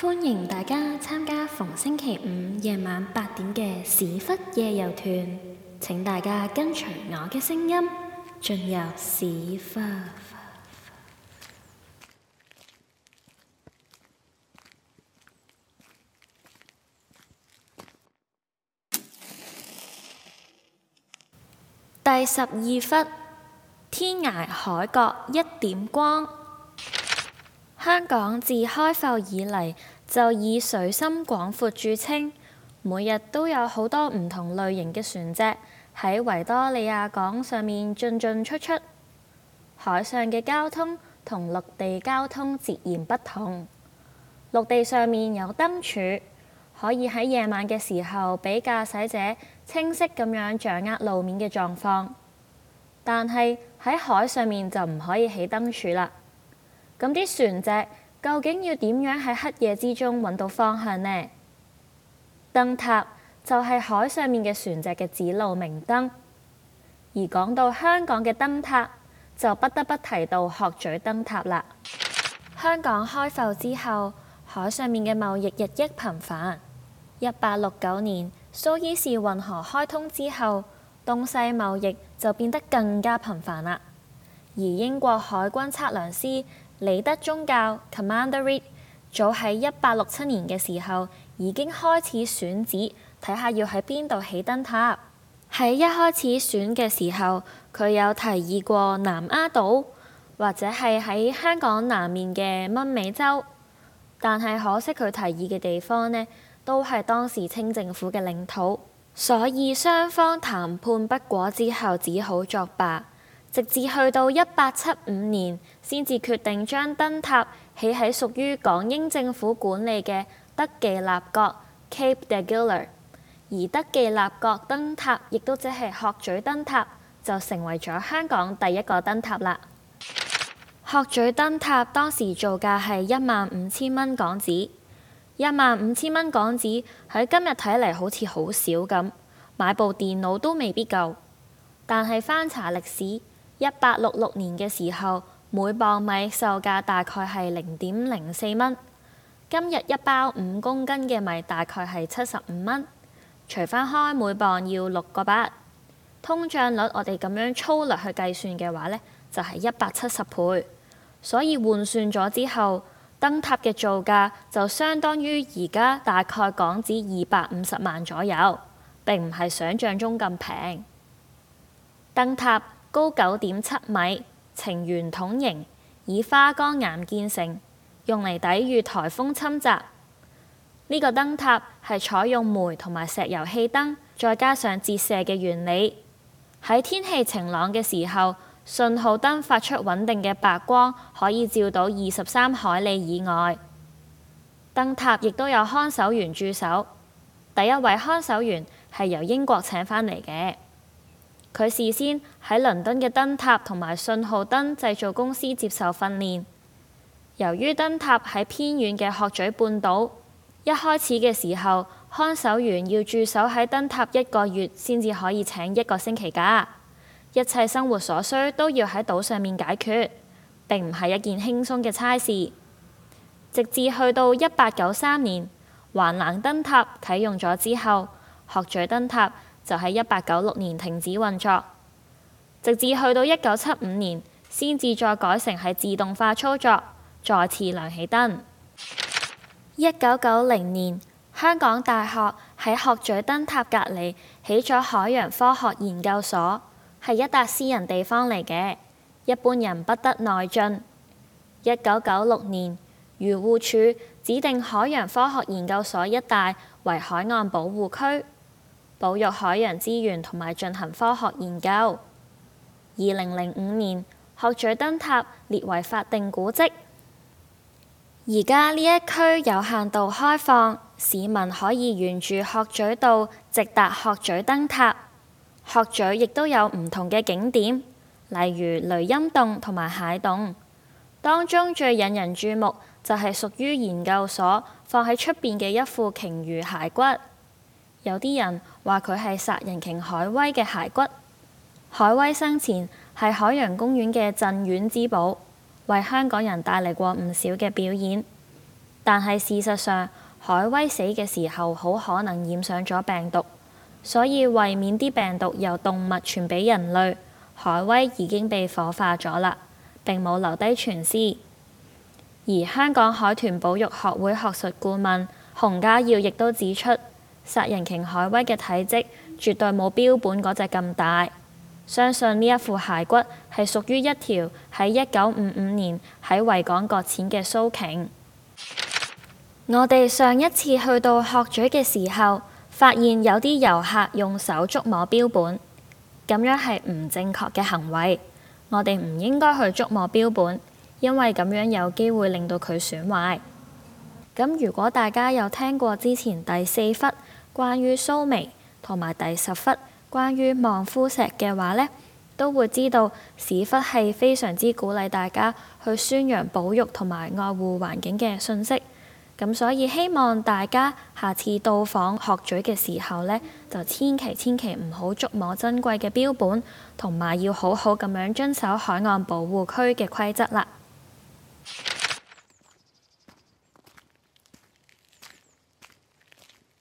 歡迎大家參加逢星期五夜晚八點嘅史窟夜遊團。請大家跟隨我嘅聲音，進入史窟。第十二窟，天涯海角一點光。香港自開埠以來就以水深廣闊著稱，每日都有好多唔同類型嘅船隻喺維多利亞港上面進進出出。海上嘅交通同陸地交通截然不同，陸地上面有燈柱，可以喺夜晚嘅時候畀駕駛者清晰咁樣掌握路面嘅狀況，但係喺海上面就唔可以起燈柱啦。咁啲船隻究竟要點樣喺黑夜之中揾到方向呢？燈塔就係海上面嘅船隻嘅指路明燈。而講到香港嘅燈塔，就不得不提到鶴嘴燈塔啦。香港開埠之後，海上面嘅貿易日益頻繁。一八六九年蘇伊士運河開通之後，東西貿易就變得更加頻繁啦。而英國海軍測量師李德宗教 Commandery 早喺一八六七年嘅時候已經開始選址，睇下要喺邊度起燈塔。喺一開始選嘅時候，佢有提議過南丫島或者係喺香港南面嘅蚊尾洲，但係可惜佢提議嘅地方呢，都係當時清政府嘅領土，所以雙方談判不果之後，只好作罷。直至去到一八七五年，先至決定將燈塔起喺屬於港英政府管理嘅德記立國 （Cape de g i l l e r，而德記立國燈塔亦都只係鶴嘴燈塔，就成為咗香港第一個燈塔啦。鶴嘴燈塔當時造價係一萬五千蚊港紙，一萬五千蚊港紙喺今日睇嚟好似好少咁，買部電腦都未必夠，但係翻查歷史。一八六六年嘅時候，每磅米售價大概係零點零四蚊。今日一包五公斤嘅米大概係七十五蚊，除翻開每磅要六個八，通脹率我哋咁樣粗略去計算嘅話呢，就係一百七十倍。所以換算咗之後，燈塔嘅造價就相當於而家大概港紙二百五十萬左右，並唔係想像中咁平。燈塔高九點七米，呈圓筒形，以花崗岩建成，用嚟抵禦颱風侵襲。呢個燈塔係採用煤同埋石油氣燈，再加上折射嘅原理。喺天氣晴朗嘅時候，信號燈發出穩定嘅白光，可以照到二十三海里以外。燈塔亦都有看守員駐守。第一位看守員係由英國請返嚟嘅。佢事先喺倫敦嘅燈塔同埋信號燈製造公司接受訓練。由於燈塔喺偏遠嘅鶴嘴半島，一開始嘅時候，看守員要駐守喺燈塔一個月，先至可以請一個星期假。一切生活所需都要喺島上面解決，並唔係一件輕鬆嘅差事。直至去到一八九三年，橫瀾燈塔啟用咗之後，鶴嘴燈塔，就喺一八九六年停止運作，直至去到一九七五年先至再改成係自動化操作，再次亮起燈。一九九零年，香港大學喺鶴咀燈塔隔離起咗海洋科學研究所，係一笪私人地方嚟嘅，一般人不得內進。一九九六年，漁護署指定海洋科學研究所一帶為海岸保護區。保育海洋資源同埋進行科學研究。二零零五年，鶴嘴燈塔列為法定古蹟。而家呢一區有限度開放，市民可以沿住鶴嘴道直達鶴嘴燈塔。鶴嘴亦都有唔同嘅景點，例如雷音洞同埋蟹洞。當中最引人注目就係屬於研究所放喺出邊嘅一副鯨魚骸骨。有啲人話佢係殺人鯨海威嘅骸骨，海威生前係海洋公園嘅鎮院之寶，為香港人帶嚟過唔少嘅表演。但係事實上，海威死嘅時候好可能染上咗病毒，所以為免啲病毒由動物傳俾人類，海威已經被火化咗啦，並冇留低全屍。而香港海豚保育學會學術顧問洪家耀亦都指出：殺人鯨海威嘅體積絕對冇標本嗰隻咁大，相信呢一副骸骨係屬於一條喺一九五五年喺維港擱淺嘅鬚鯨。 我哋上一次去到鶴嘴嘅時候，發現有啲遊客用手觸摸標本，咁樣係唔正確嘅行為。我哋唔應該去觸摸標本，因為咁樣有機會令到佢損壞。咁如果大家有聽過之前第四窟，關於蘇眉同埋第十窟，關於望夫石嘅話呢，都會知道史窟係非常之鼓勵大家去宣揚保育同埋愛護環境嘅信息。咁所以希望大家下次到訪鶴嘴嘅時候呢，就千祈千祈唔好觸摸珍貴嘅標本，同埋要好好咁樣遵守海岸保護區嘅規則啦。